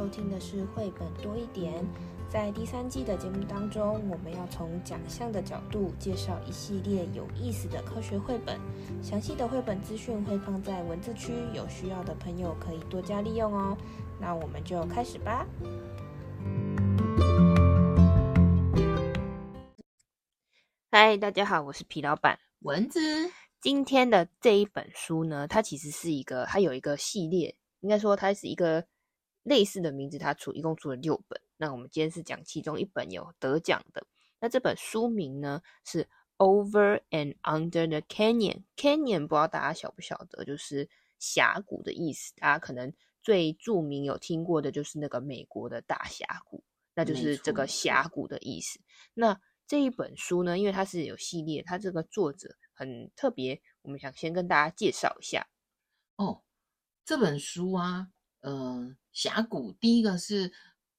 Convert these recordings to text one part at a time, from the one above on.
收聽的是繪本多一點，在第三季的節目當中，我們要從獎項的角度介紹一系列有意思的科學繪本。詳細的繪本資訊會放在文字區，有需要的朋友可以多加利用哦。那我們就開始吧。嗨，大家好，我是皮老板蚊子。文姿。今天的這一本書呢，它其實是一個，它有一個系列，應該說它是一個。類似的名字，他出一共出了六本。那我們今天是講其中一本有得獎的。那這本書名呢是《Over and Under the Canyon》，Canyon 不知道大家曉不曉得，就是峽谷的意思。大家可能最著名有聽過的就是那個美國的大峽谷，那就是這個峽谷的意思。那這一本書呢，因為它是有系列，它這個作者很特別，我們想先跟大家介紹一下。哦，oh, 這本書啊。呃，峽谷，第一個是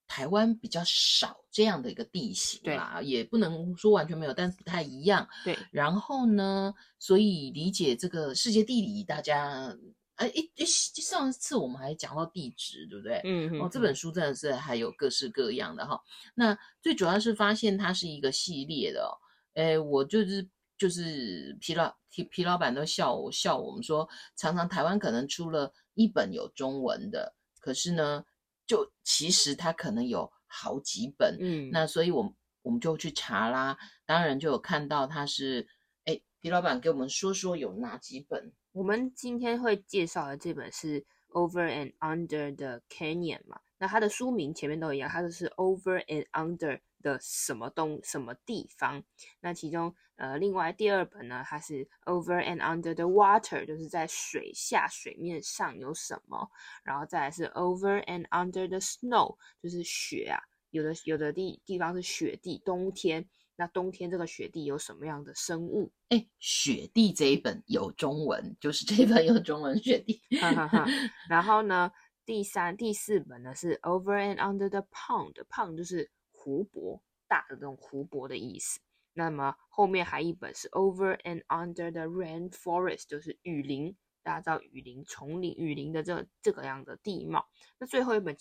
台灣比較少這樣的一個地形啦，對也不能說完全沒有，但是不太一樣。對，然後呢，所以理解這個世界地理，大家，哎，一、哎、上次我們還講到地質，對不對？嗯嗯、哦。這本書真的是還有各式各樣的哈、哦。那最主要是發現它是一個系列的、哦，哎，我就是就是皮老皮皮老闆都笑我笑我們說，常常台灣可能出了。一本有中文的，可是呢，就其實它可能有好幾本，嗯，那所以我，我我們就去查啦。當然就有看到它是，哎、欸，皮老板給我們說說有哪幾本。我們今天會介紹的這本是《Over and Under the Canyon》嘛，那它的書名前面都一樣，它就是《Over and Under》。的什麼東什麼地方？那其中呃，另外第二本呢，它是 over and under the water，就是在水下、水面上有什麼？然後再來是 over and under the snow，就是雪啊，有的有的地地方是雪地，冬天。那冬天這個雪地有什麼樣的生物？哎，雪地這一本有中文，就是這一本有中文雪地。哈哈哈。然後呢，第三、第四本呢是 over and under the pond，pond pond 就是。湖泊，大的這種湖泊的意思。那麼後面還一本是 Over and Under the Rainforest，就是雨林，大家知道雨林、叢林、雨林的這這個樣的地貌。那最後一本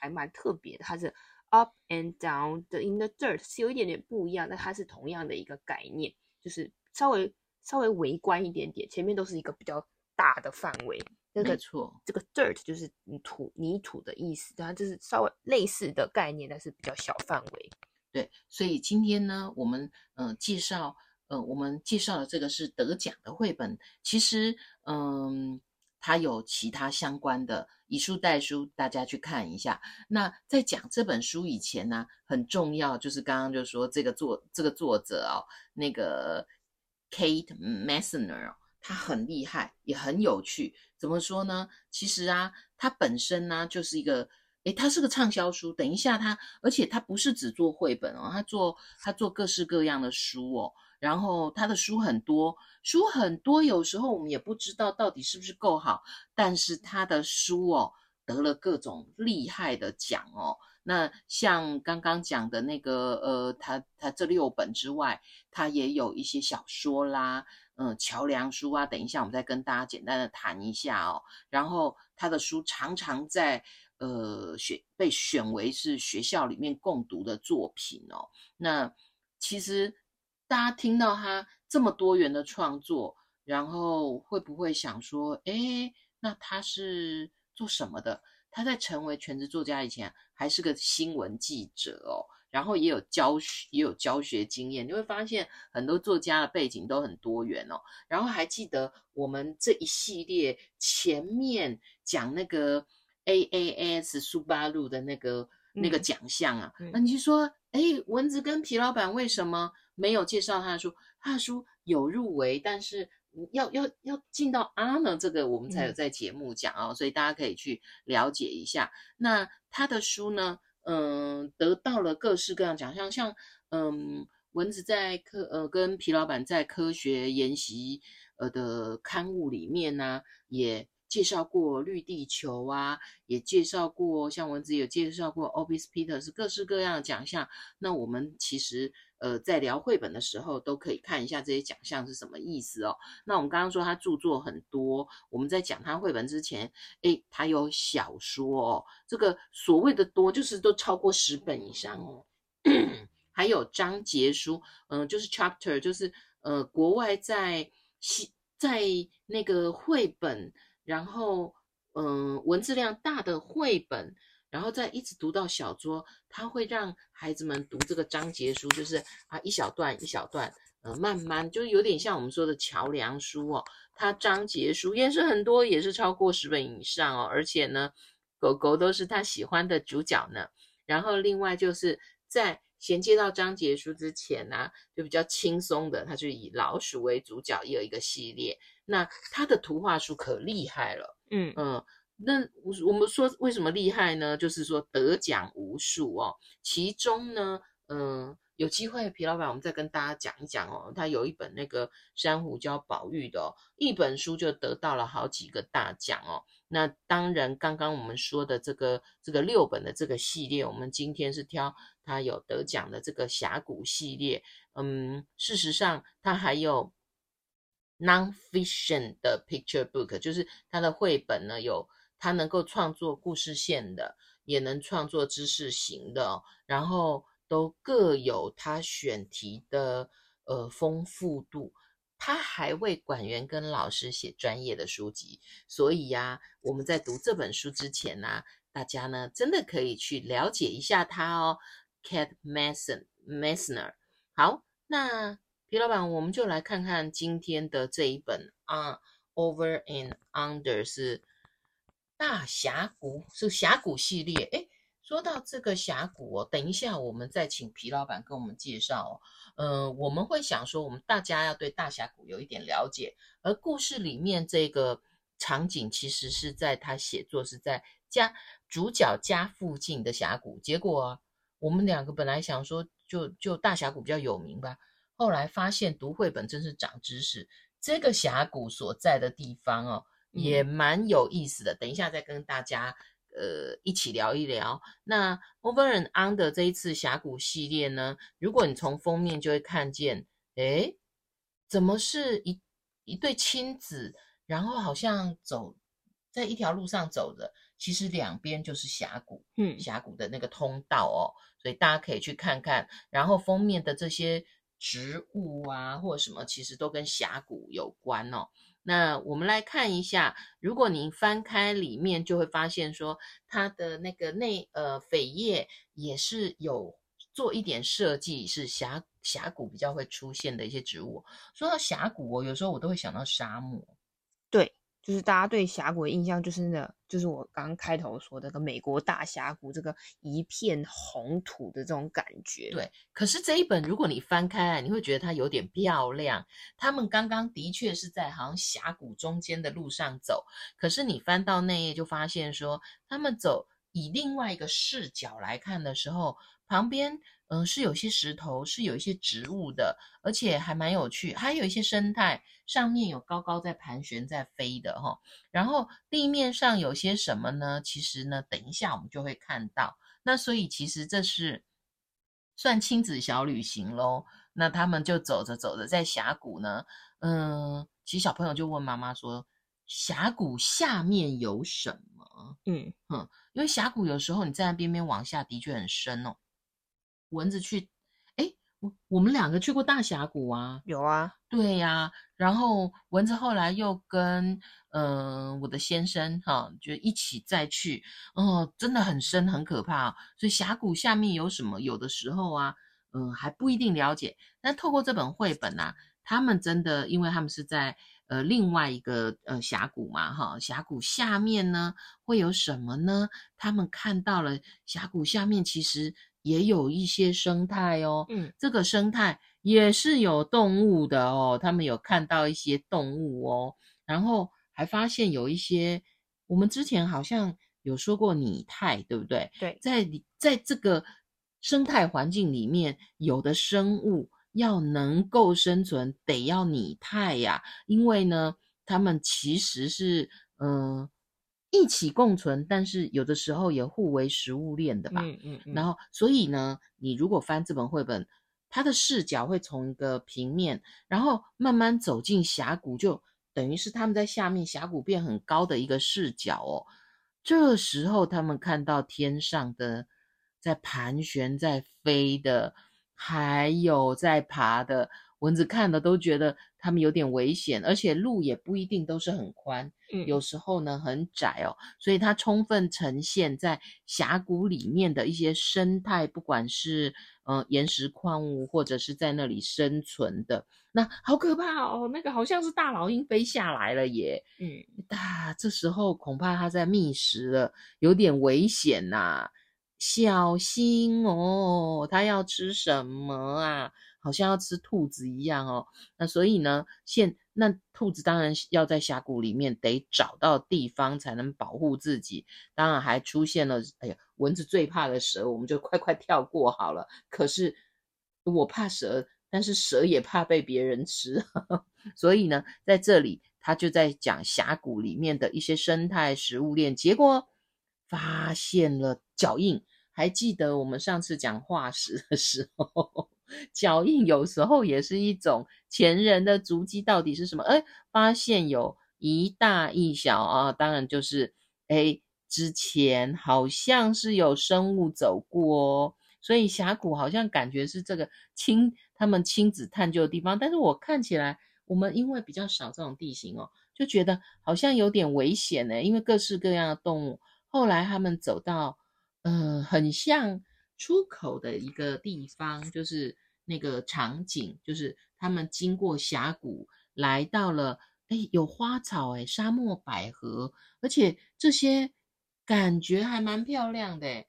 還蠻特別的，它是 up and down in the dirt，是有一點點不一樣，但它是同樣的一個概念，就是稍微稍微微觀一點點，前面都是一個比較大的範圍。這個錯，這個 dirt 就是泥土、泥土的意思，它就是稍微類似的概念，但是比較小範圍。對，所以今天呢，我們嗯、呃、介紹，嗯、呃、我們介紹的這個是得獎的繪本，其實嗯，它有其他相關的以書帶書，大家去看一下。那在講這本書以前呢、啊，很重要，就是剛剛就說這個作這個作者哦，那個 Kate Messner。他很厲害，也很有趣。怎麼說呢？其實啊，他本身呢，啊，就是一個，誒，他是個暢銷書。等一下他，他而且他不是只做繪本哦，他做他做各式各樣的書哦。然後他的書很多，書很多，有時候我們也不知道到底是不是夠好。但是他的書哦，得了各種厲害的獎哦。那像剛剛講的那個，呃，他他這六本之外，他也有一些小說啦。嗯，橋梁書啊，等一下我們再跟大家簡單的談一下哦。然後他的書常常在呃選被選為是學校裡面共讀的作品哦。那其實大家聽到他這麼多元的創作，然後會不會想說，誒，那他是做什麼的？他在成為全職作家以前，還是個新聞記者哦。然後也有教學，也有教學經驗，你會發現很多作家的背景都很多元哦。然後還記得我們這一系列前面講那個 AAS 蘇巴路的那個、嗯、那個獎項啊，那你就說，對誒文字跟皮老板為什麼沒有介紹他的書？他的書有入圍，但是要要要進到阿呢，這個我們才有在節目講哦，嗯、所以大家可以去了解一下。那他的書呢？嗯，得到了各式各樣獎項，像嗯，蚊子在科呃跟皮老板在科學研習呃的刊物裡面呢，啊，也介紹過綠地球啊，也介紹過，像蚊子有介紹過 Obis Peter 是各式各樣的獎項，那我們其實。呃，在聊繪本的時候，都可以看一下這些獎項是什麼意思哦。那我們剛剛說他著作很多，我們在講他繪本之前，誒他有小說、哦，這個所謂的多就是都超過十本以上哦， 還有章節書，嗯、呃，就是 chapter，就是呃，國外在寫在那個繪本，然後嗯、呃，文字量大的繪本。然後再一直讀到小桌，他會讓孩子們讀這個章節書，就是啊，一小段一小段，呃，慢慢就有點像我們說的橋梁書哦。它，章節書也是很多，也是超過十本以上哦。而且呢，狗狗都是他喜歡的主角呢。然後另外就是在銜接到章節書之前呢，啊，就比較輕鬆的，它就以老鼠為主角，也有一個系列。那它的圖畫書可厲害了，嗯嗯。呃那我我們說為什麼厲害呢？就是說得獎無數哦。其中呢，嗯、呃，有機會皮老板，我們再跟大家講一講哦。他有一本那個珊瑚礁保育的，哦、一本書，就得到了好幾個大獎哦。那當然，剛剛我們說的這個這個六本的這個系列，我們今天是挑他，有得獎的這個峽谷系列。嗯，事實上，他還有 nonfiction 的 picture book，就是他的繪本呢有。他能夠創作故事線的，也能創作知識型的、哦，然後都各有他選題的呃豐富度。他還為館員跟老師寫專業的書籍，所以呀、啊，我們在讀這本書之前呢、啊，大家呢真的可以去了解一下他哦 Kate Mason Messner。好，那皮老板，我們就來看看今天的這一本啊，uh，《Over and Under》是。大峽谷是峽谷系列。誒，說到這個峽谷哦，等一下我們再請皮老板跟我們介紹、哦。嗯、呃，我們會想說，我們大家要對大峽谷有一點了解。而故事裡面這個場景其實是在他寫作是在家主角家附近的峽谷。結果、啊、我們兩個本來想說就，就就大峽谷比較有名吧。後來發現讀繪本真是長知識，這個峽谷所在的地方哦。也蠻有意思的，等一下再跟大家呃一起聊一聊。那 Over and Under 這一次峽谷系列呢，如果你從封面就會看見，誒，怎麼是一一對親子，然後好像走在一條路上走着，其實兩邊就是峽谷，嗯，峽谷的那個通道哦，所以大家可以去看看。然後封面的這些植物啊，或者什麼，其實都跟峽谷有關哦。那我們來看一下，如果您翻開裡面，就會發現說，它的那個內呃扉頁也是有做一點設計，是峽峽谷比較會出現的一些植物。說到峽谷，哦，我有時候我都會想到沙漠，對。就是大家對峽谷的印象，就是那，就是我剛剛開頭說的，這個美國大峽谷這個一片紅土的這種感覺。對，可是這一本，如果你翻開，你會覺得它有點漂亮。他們剛剛的確是在好像峽谷中間的路上走，可是你翻到那頁就發現說，他們走以另外一個視角來看的時候，旁邊。嗯，是有些石頭，是有一些植物的，而且還蠻有趣，還有一些生態，上面有高高在盤旋在飛的哈、哦。然後地面上有些什麼呢？其實呢，等一下我們就會看到。那所以其實這是算親子小旅行嘍。那他們就走着走着，在峽谷呢，嗯，其實小朋友就問媽媽說，峽谷下面有什麼？嗯哼、嗯，因為峽谷有時候你站在邊邊往下的確很深哦。蚊子去，哎，我我們兩個去過大峽谷啊，有啊，對呀、啊，然後蚊子後來又跟呃我的先生哈、哦，就一起再去，嗯、哦，真的很深很可怕、啊，所以峽谷下面有什麼，有的時候啊，嗯、呃，還不一定了解。那透過這本繪本啊，他們真的，因為他們是在呃另外一個呃峽谷嘛，哈、哦，峽谷下面呢會有什麼呢？他們看到了峽谷下面其實。也有一些生態哦，嗯，這個生態也是有動物的哦，他們有看到一些動物哦，然後還發現有一些，我們之前好像有說過擬態，對不對？對，在在在這個生態環境裡面，有的生物要能夠生存，得要擬態呀，因為呢，他們其實是嗯。呃一起共存，但是有的時候也互為食物鏈的吧。嗯嗯。嗯嗯，然後，所以呢，你如果翻這本繪本，它的視角會從一個平面，然後慢慢走進峽谷，就等於是他們在下面峽谷變很高的一個視角哦。這時候他們看到天上的，在盤旋在飛的，還有在爬的蚊子，看的都覺得。他們有點危險，而且路也不一定都是很寬，嗯、有時候呢很窄哦，所以它充分呈現在峽谷裡面的一些生態，不管是嗯、呃、岩石礦物或者是在那裡生存的，那好可怕哦，那個好像是大老鷹飛下來了耶，嗯，啊，這時候恐怕它在覓食了，有點危險吶、啊，小心哦，它要吃什麼啊？好像要吃兔子一樣哦，那所以呢，現那兔子當然要在峽谷裡面得找到地方才能保護自己，當然還出現了，哎呀，蚊子最怕的蛇，我們就快快跳過好了。可是我怕蛇，但是蛇也怕被別人吃，呵呵，所以呢，在這裡他就在講峽谷裡面的一些生態食物鏈，結果發現了腳印，還記得我們上次講化石的時候。呵呵腳印有時候也是一種前人的足跡，到底是什麼？哎，發現有一大一小啊，當然就是哎之前好像是有生物走過哦，所以峽谷好像感覺是這個親他們親子探究的地方。但是我看起來，我們因為比較少這種地形哦，就覺得好像有點危險呢，因為各式各樣的動物。後來他們走到，嗯、呃，很像。出口的一個地方，就是那個場景，就是他們經過峽谷，來到了，誒，有花草，誒，沙漠百合，而且這些感覺還蠻漂亮的誒，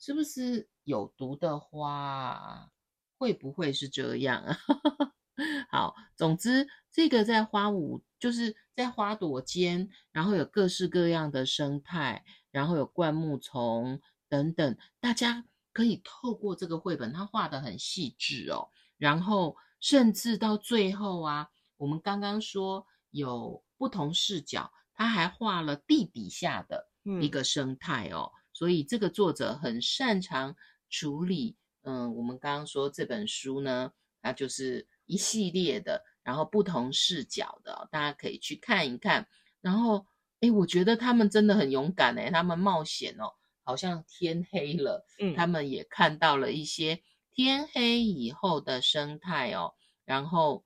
是不是有毒的花？會不會是這樣啊？ 好，總之這個在花舞，就是在花朵間，然後有各式各樣的生態，然後有灌木叢等等，大家。可以透過這個繪本，他畫得很細緻哦，然後甚至到最後啊，我們剛剛說有不同視角，他還畫了地底下的一個生態哦，所以這個作者很擅長處理。嗯，我們剛剛說這本書呢，那就是一系列的，然後不同視角的哦，大家可以去看一看。然後，誒，我覺得他們真的很勇敢誒，他們冒險哦。好像天黑了，嗯、他們也看到了一些天黑以後的生態哦。然後，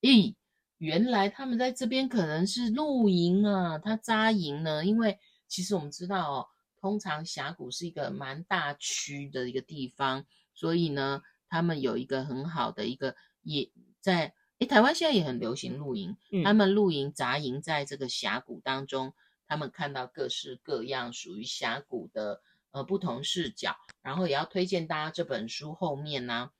咦、欸，原來他們在這邊可能是露營啊，他紮營呢。因為其實我們知道哦，通常峽谷是一個蠻大區的一個地方，所以呢，他們有一個很好的一個也在誒、欸，台灣現在也很流行露營，嗯、他們露營紮營在這個峽谷當中。他們看到各式各樣屬於峽谷的呃不同視角，然後也要推薦大家這本書後面呢，啊，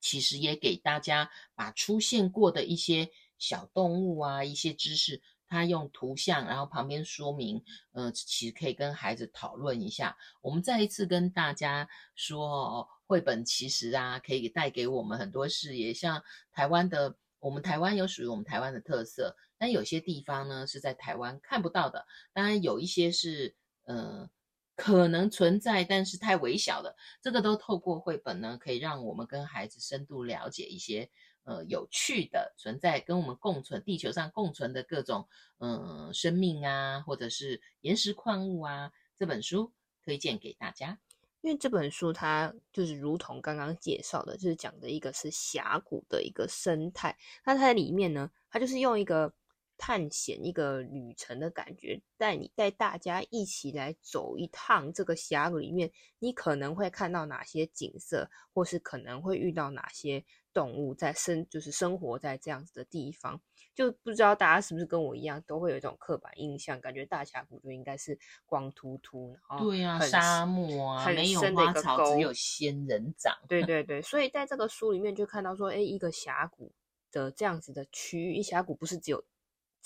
其實也給大家把出現過的一些小動物啊，一些知識，他用圖像，然後旁邊說明，呃，其實可以跟孩子討論一下。我們再一次跟大家說哦，繪本其實啊，可以帶給我們很多視野，像台灣的。我們台灣有屬於我們台灣的特色，但有些地方呢是在台灣看不到的。當然，有一些是呃可能存在，但是太微小了。這個都透過繪本呢，可以讓我們跟孩子深度了解一些呃有趣的存在，跟我們共存地球上共存的各種嗯，呃，生命啊，或者是岩石礦物啊。這本書推薦給大家。因為這本書，它就是如同剛剛介紹的，就是講的一個是峽谷的一個生態。那它在裡面呢，它就是用一個。探險一個旅程的感覺，帶你帶大家一起來走一趟這個峽谷裡面，你可能會看到哪些景色，或是可能會遇到哪些動物在生，就是生活在這樣子的地方。就不知道大家是不是跟我一樣，都會有一種刻板印象，感覺大峽谷就應該是光禿禿，然後對啊，很沙漠啊，很深的一個溝，沒有花草，只有仙人掌。 對對對，所以在這個書裡面就看到說，哎，一個峽谷的這樣子的區域，一峽谷不是只有。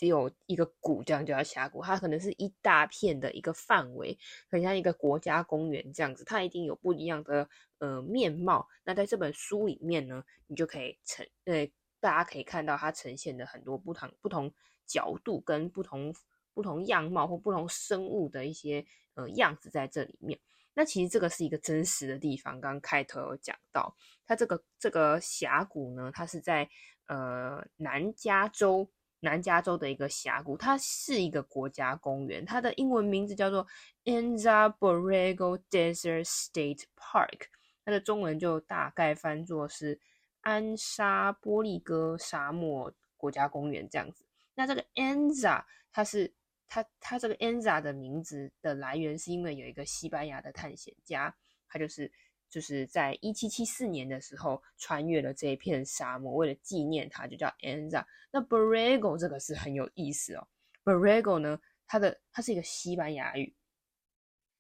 只有一個谷，這樣叫峽谷。它可能是一大片的一個範圍，很像一個國家公園這樣子。它一定有不一樣的呃面貌。那在這本書裡面呢，你就可以呈呃，大家可以看到它呈現的很多不同不同角度跟不同不同樣貌或不同生物的一些呃樣子在這裡面。那其實這個是一個真實的地方，剛剛開頭有講到，它這個這個峽谷呢，它是在呃南加州。南加州的一個峽谷，它是一個國家公園，它的英文名字叫做 Anza Borrego Desert State Park，它的中文就大概翻作是安沙波利哥沙漠國家公園這樣子。那這個 Anza，它是它它這個 Anza 的名字的來源，是因為有一個西班牙的探險家，他就是。就是在一七七四年的時候穿越了這一片沙漠，為了紀念他，就叫 Anza。那 Borrego 這個是很有意思哦 Borrego 呢，它的它是一個西班牙語，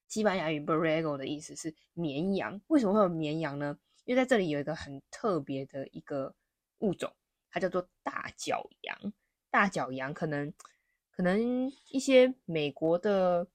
西班牙語 Borrego 的意思是綿羊。為什麼會有綿羊呢？因為在這裡有一個很特別的一個物種，它叫做大角羊。大角羊可能可能一些美國的。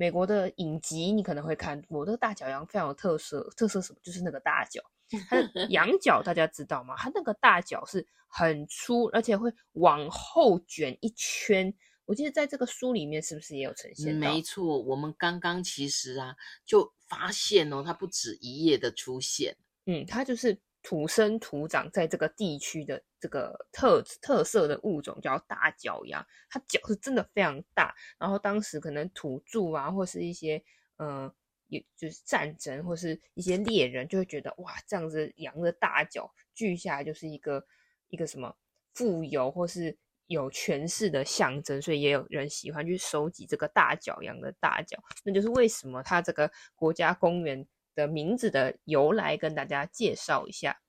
美國的影集，你可能會看。我的大角羊非常有特色，特色什麼？就是那個大角。它的羊角大家知道嗎？它那個大角是很粗，而且會往後捲一圈。我記得在這個書裡面是不是也有呈現？沒錯，我們剛剛其實啊就發現哦，它不止一頁的出現。嗯，它就是土生土長在這個地區的。這個特特色的物種叫大角羊，它角是真的非常大。然後當時可能土著啊，或是一些嗯、呃，也就是戰爭或是一些獵人，就會覺得哇，這樣子羊的大角鋸下來就是一個一個什麼富有或是有權勢的象徵，所以也有人喜歡去收集這個大角羊的大角。那就是為什麼它這個國家公園的名字的由來，跟大家介紹一下。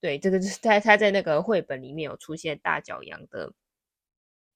對，這個在他，他在那個繪本裡面有出現大角羊的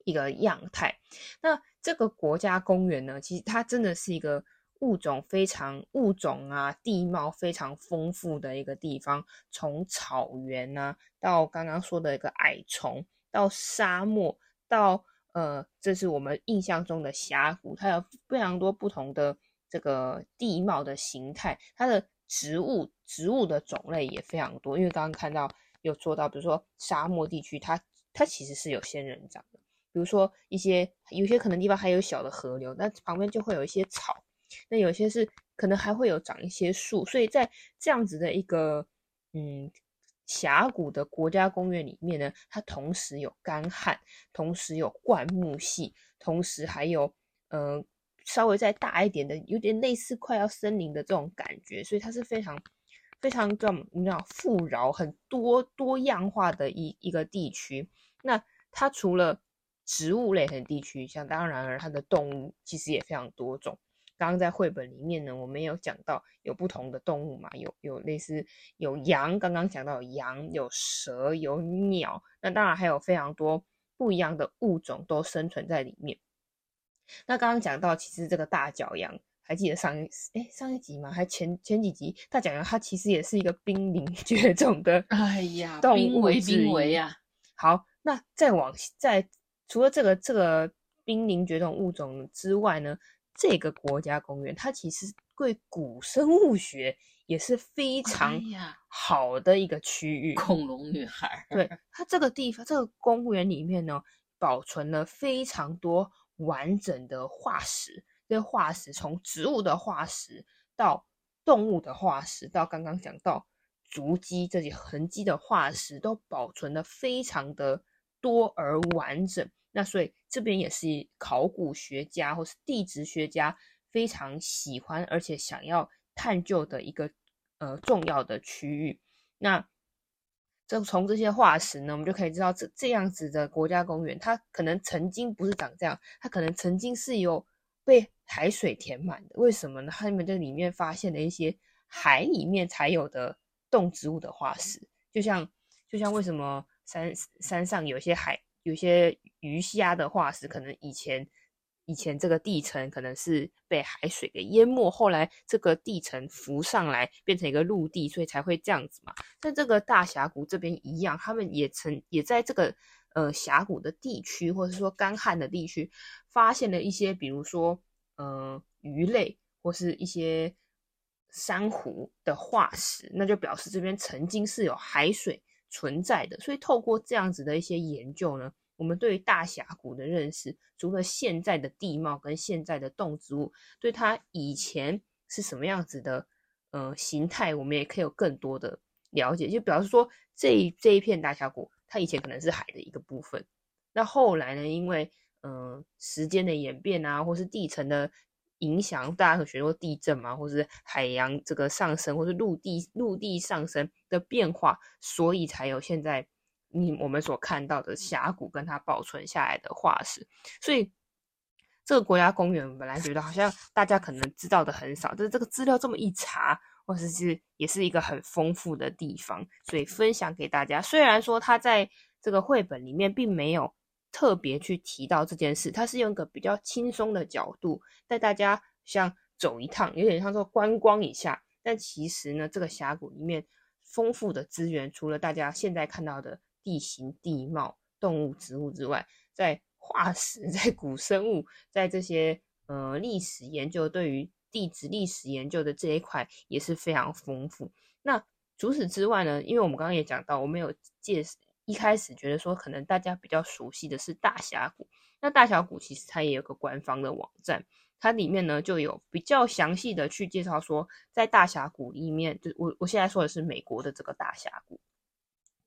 一個樣態。那這個國家公園呢，其實它真的是一個物種非常、物種啊、地貌非常豐富的一個地方。從草原呢、啊，到剛剛說的一個矮蟲，到沙漠，到呃，這是我們印象中的峽谷，它有非常多不同的這個地貌的形態，它的植物。植物的種類也非常多，因為剛剛看到有說到，比如說沙漠地區它、它它其實是有仙人掌的。比如說一些有些可能地方還有小的河流，那旁邊就會有一些草。那有些是可能還會有長一些樹。所以在這樣子的一個嗯峽谷的國家公園裡面呢，它同時有乾旱，同時有灌木系，同時還有嗯、呃、稍微再大一點的，有點類似快要森林的這種感覺。所以它是非常。非常這麼，你知道，富饒，很多多樣化的一一個地區。那它除了植物類的地區，像當然了，它的動物其實也非常多種。剛剛在繪本裡面呢，我們有講到有不同的動物嘛，有有類似有羊，剛剛講到有羊，有蛇，有鳥，那當然還有非常多不一樣的物種都生存在裡面。那剛剛講到，其實這個大角羊。還記得上哎、欸、上一集嗎？還前前幾集大講了，它其實也是一個瀕臨絕種的哎呀動物，瀕危呀。好，那再往在除了這個這個瀕臨絕種物種之外呢，這個國家公園它其實對古生物學也是非常好的一個區域。恐龍女孩，對它這個地方這個公園裡面呢，保存了非常多完整的化石。這些化石，從植物的化石到動物的化石，到剛剛講到足跡這些痕跡的化石，都保存的非常的多而完整。那所以這邊也是考古學家或是地質學家非常喜歡而且想要探究的一個呃重要的區域。那這從這些化石呢，我們就可以知道，這這樣子的國家公園，它可能曾經不是長這樣，它可能曾經是有被海水填滿的，為什麼呢？他們這裡面發現了一些海裡面才有的動植物的化石，就像就像為什麼山山上有些海、有些魚蝦的化石，可能以前以前這個地層可能是被海水給淹沒，後來這個地層浮上來變成一個陸地，所以才會這樣子嘛。在這個大峽谷這邊一樣，他們也曾也在這個呃峽谷的地區，或者說乾旱的地區，發現了一些，比如說。嗯、呃，魚類或是一些珊瑚的化石，那就表示這邊曾經是有海水存在的。所以透過這樣子的一些研究呢，我們對於大峽谷的認識，除了現在的地貌跟現在的動植物，對它以前是什麼樣子的，呃，形態，我們也可以有更多的了解。就表示說，這一這一片大峽谷，它以前可能是海的一個部分。那後來呢，因為嗯、呃，時間的演變啊，或是地層的影響，大家可能學過地震嘛，或是海洋這個上升，或是陸地陸地上升的變化，所以才有現在你我們所看到的峽谷跟它保存下來的化石。所以這個國家公園本來覺得好像大家可能知道的很少，但是這個資料這麼一查，或是其實也是一個很豐富的地方，所以分享給大家。雖然說它在這個繪本裡面並沒有。特別去提到這件事，它是用一個比較輕鬆的角度帶大家像走一趟，有點像說觀光一下。但其實呢，這個峽谷裡面豐富的資源，除了大家現在看到的地形地貌、動物植物之外，在化石、在古生物、在這些呃歷史研究，對於地質歷史研究的這一塊也是非常豐富。那除此之外呢，因為我們剛剛也講到，我們有介。一開始覺得說，可能大家比較熟悉的是大峽谷。那大峽谷其實它也有個官方的網站，它裡面呢就有比較詳細的去介紹說，在大峽谷裡面，就我我現在說的是美國的這個大峽谷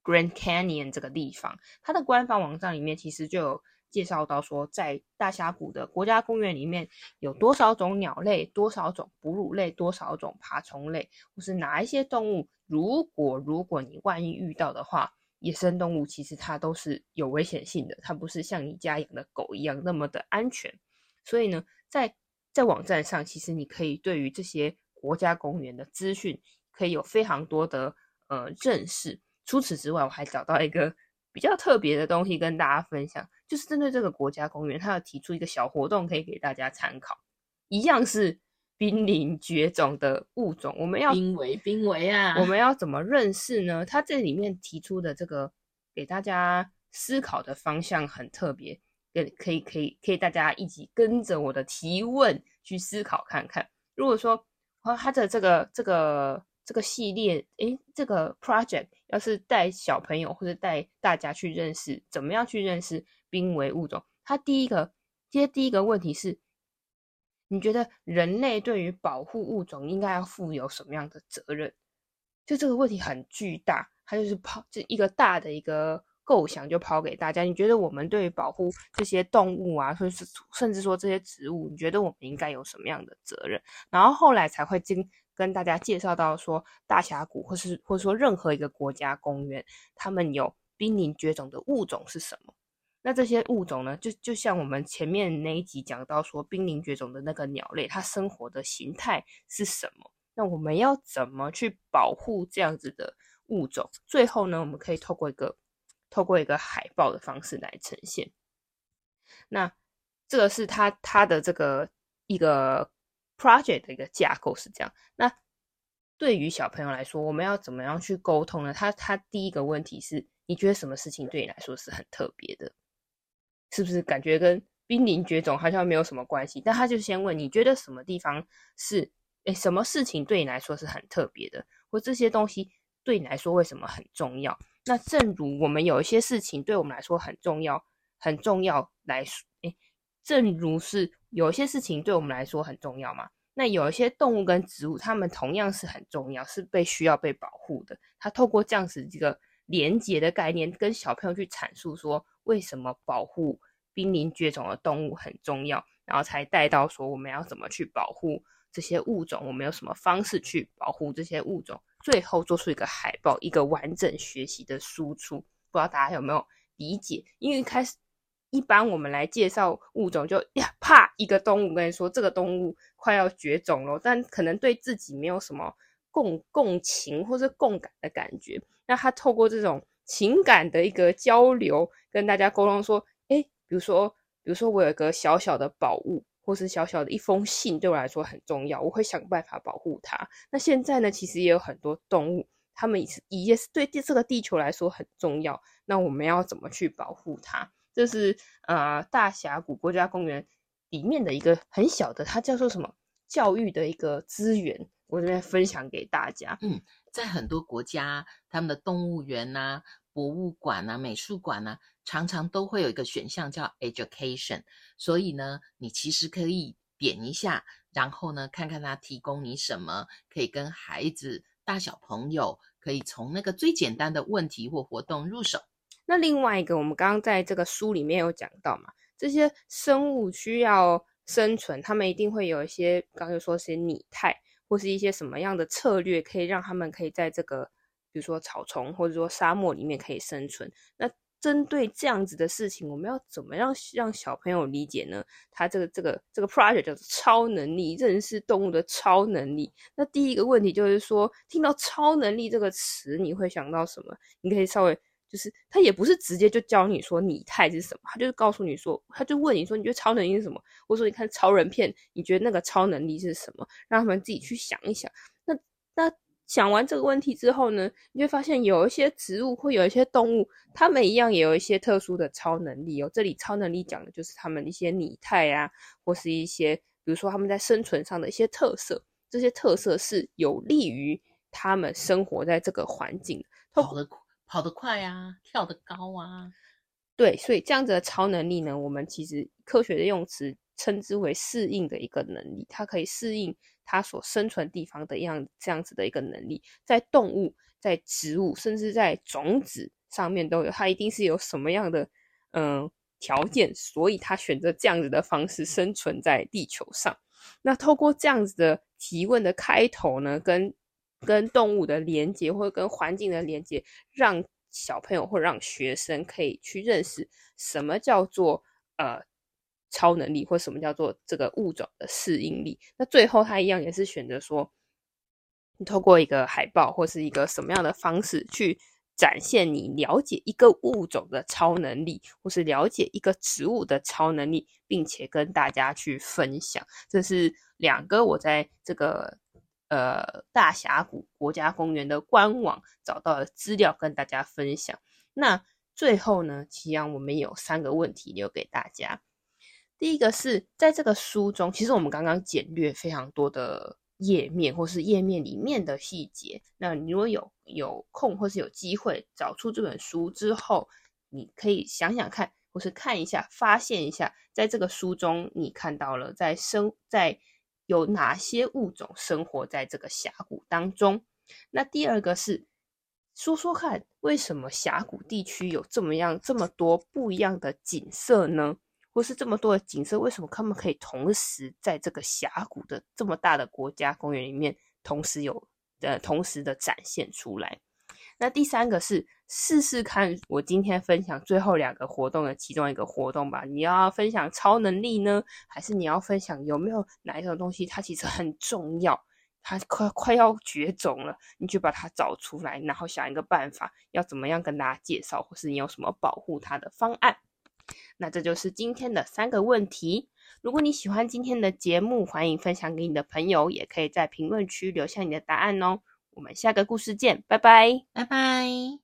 （Grand Canyon） 這個地方，它的官方網站裡面其實就有介紹到說，在大峽谷的國家公園裡面有多少種鳥類、多少種哺乳類、多少種爬蟲類，或是哪一些動物，如果如果你萬一遇到的話。野生動物其實它都是有危險性的，它不是像你家養的狗一樣那麼的安全。所以呢，在在網站上，其實你可以對於這些國家公園的資訊，可以有非常多的呃認識。除此之外，我還找到一個比較特別的東西跟大家分享，就是針對這個國家公園，它有提出一個小活動，可以給大家參考。一樣是。瀕臨絕種的物種，我們要瀕危，瀕危啊！我們要怎麼認識呢？他這裡面提出的這個給大家思考的方向很特別，也可以，可以，可以，大家一起跟着我的提問去思考看看。如果說，然後他的這個這個這個系列，誒，這個 project 要是帶小朋友或者帶大家去認識，怎麼樣去認識瀕危物種？他第一個，接第一個問題是。你覺得人類對於保護物種應該要負有什麼樣的責任？就這個問題很巨大，它就是拋就一個大的一個構想，就拋給大家。你覺得我們對於保護這些動物啊，或是甚至說這些植物，你覺得我們應該有什麼樣的責任？然後後來才會經跟大家介紹到說，大峽谷或是或者說任何一個國家公園，他們有瀕臨絕種的物種是什麼？那這些物種呢？就就像我們前面那一集講到說，瀕臨絕種的那個鳥類，它生活的形態是什麼？那我們要怎麼去保護這樣子的物種？最後呢，我們可以透過一個透過一個海報的方式來呈現。那這個是它它的這個一個 project 的一個架構是這樣。那對於小朋友來說，我們要怎麼樣去溝通呢？他他第一個問題是：你覺得什麼事情對你來說是很特別的？是不是感覺跟瀕臨絕種好像沒有什麼關係？但他就先問：你覺得什麼地方是，誒，什麼事情對你來說是很特別的，或這些東西對你來說為什麼很重要？那正如我們有一些事情對我們來說很重要，很重要來說，誒，正如是有一些事情對我們來說很重要嘛？那有一些動物跟植物，它們同樣是很重要，是被需要被保護的。他透過這樣子這個連結的概念，跟小朋友去闡述說。為什麼保護瀕臨絕種的動物很重要？然後才帶到說我們要怎麼去保護這些物種？我們有什麼方式去保護這些物種？最後做出一個海報，一個完整學習的輸出。不知道大家有沒有理解？因為一開始一般我們來介紹物種就，就呀啪一個動物跟你說這個動物快要絕種了，但可能對自己沒有什麼共共情或是共感的感覺。那他透過這種。情感的一個交流，跟大家溝通說，誒，比如說，比如說，我有一個小小的寶物，或是小小的一封信，對我來說很重要，我會想辦法保護它。那現在呢，其實也有很多動物，它們也是，也是對這個地球來說很重要。那我們要怎麼去保護它？這是呃，大峽谷國家公園裡面的一個很小的，它叫做什麼，教育的一個資源，我這邊分享給大家。嗯。在很多國家，他們的動物園吶、啊、博物館吶、啊、美術館吶，常常都會有一個選項叫 education。所以呢，你其實可以點一下，然後呢，看看它提供你什麼，可以跟孩子、大小朋友，可以從那個最簡單的問題或活動入手。那另外一個，我們剛剛在這個書裡面有講到嘛，這些生物需要生存，他們一定會有一些，剛剛說是擬態。或是一些什麼樣的策略，可以讓他們可以在這個，比如說草叢或者說沙漠裡面可以生存？那針對這樣子的事情，我們要怎麼樣讓，讓小朋友理解呢？他這個這個這個 project 叫做超能力，認識動物的超能力。那第一個問題就是說，聽到超能力這個詞，你會想到什麼？你可以稍微。就是他也不是直接就教你說擬態是什麼，他就是告訴你說，他就問你說，你覺得超能力是什麼？我說你看超人片，你覺得那個超能力是什麼？讓他們自己去想一想。那那想完這個問題之後呢，你會發現有一些植物或有一些動物，它們一樣也有一些特殊的超能力哦。這裡超能力講的就是他們一些擬態啊，或是一些比如說他們在生存上的一些特色，這些特色是有利於他們生活在這個環境的。跑得快啊，跳得高啊，對，所以這樣子的超能力呢，我們其實科學的用詞稱之為適應的一個能力，它可以適應它所生存地方的一樣這樣子的一個能力，在動物、在植物，甚至在種子上面都有，它一定是有什麼樣的嗯、呃、條件，所以它選擇這樣子的方式生存在地球上。那透過這樣子的提問的開頭呢，跟跟動物的連接，或者跟環境的連接，讓小朋友或讓學生可以去認識什麼叫做呃超能力，或什麼叫做這個物種的適應力。那最後，他一樣也是選擇說，你透過一個海報或是一個什麼樣的方式去展現你了解一個物種的超能力，或是了解一個植物的超能力，並且跟大家去分享。這是兩個我在這個。呃，大峽谷國家公園的官網找到了資料跟大家分享。那最後呢，其實我們有三個問題留給大家。第一個是在這個書中，其實我們剛剛簡略非常多的頁面或是頁面裡面的細節。那你如果有有空或是有機會找出這本書之後，你可以想想看，或是看一下，發現一下，在這個書中你看到了在生在。有哪些物種生活在這個峽谷當中？那第二個是說說看，為什麼峽谷地區有這麼樣這麼多不一樣的景色呢？或是這麼多的景色，為什麼他們可以同時在這個峽谷的這麼大的國家公園裡面，同時有呃，同時的展現出來？那第三個是試試看，我今天分享最後兩個活動的其中一個活動吧。你要分享超能力呢，還是你要分享有沒有哪一種東西它其實很重要，它快快要絕種了，你就把它找出來，然後想一個辦法，要怎麼樣跟大家介紹，或是你有什麼保護它的方案？那這就是今天的三個問題。如果你喜歡今天的節目，歡迎分享給你的朋友，也可以在評論區留下你的答案哦。我們下個故事見，拜拜，拜拜。